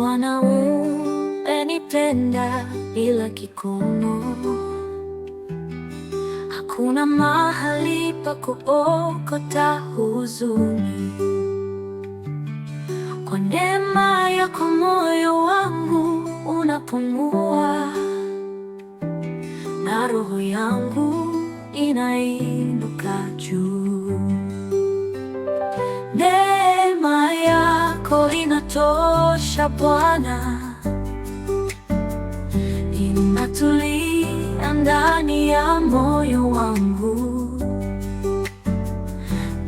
Bwana umenipenda bila kikomo, hakuna mahali pa kuokota huzuni. Kwa neema yako moyo wangu unapumua, na roho yangu inainuka juu inatosha Bwana, inatulia ndani ya moyo wangu,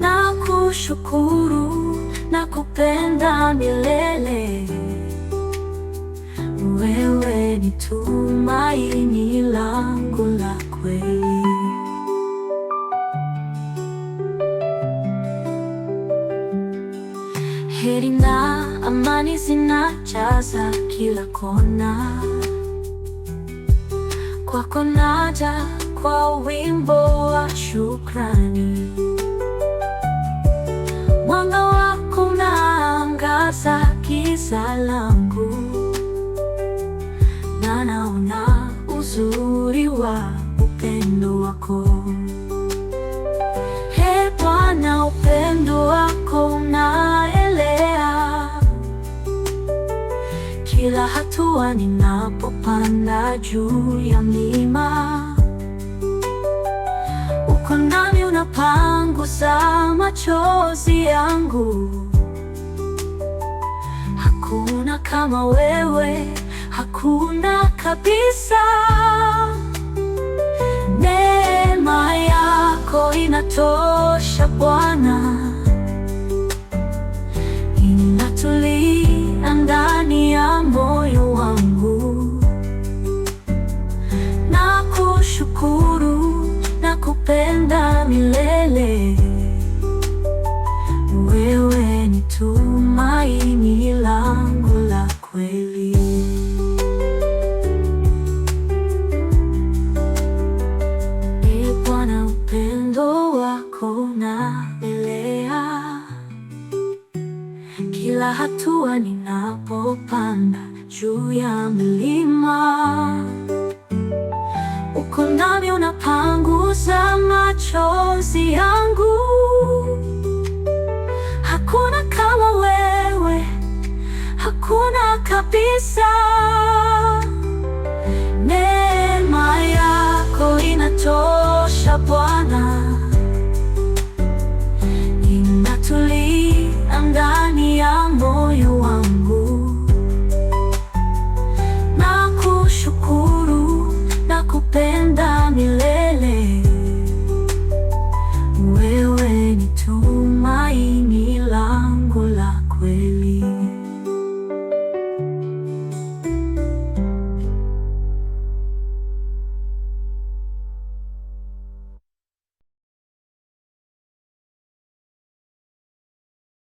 na kushukuru na kupenda milele. Wewe ni tumaini langu la kweli. Heri na amani zinajaza kila kona. Kwako naja kwa wimbo wa shukrani, mwanga wako unaangaza giza langu, na naona uzuri wako hatua ninapopanda juu ya mlima. Uko nami, unapangusa machozi yangu. Hakuna kama wewe, hakuna kabisa. Neema yako inatosha Bwana, inatuli kushinda milele. Wewe ni tumaini langu la kweli. E Bwana, upendo wako na unaelea kila hatua ninapopanda juu ya mlima machozi yangu. Hakuna kama wewe, hakuna kabisa.